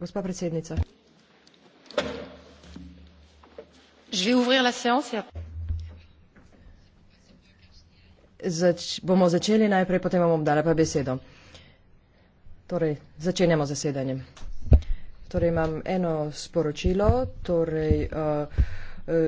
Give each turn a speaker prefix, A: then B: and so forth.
A: gospa predsednica
B: bomo začeli najprej potem vam bom dala pa besedo torej začenjamo z zasedanjem torej imam eno sporočilo torej eh,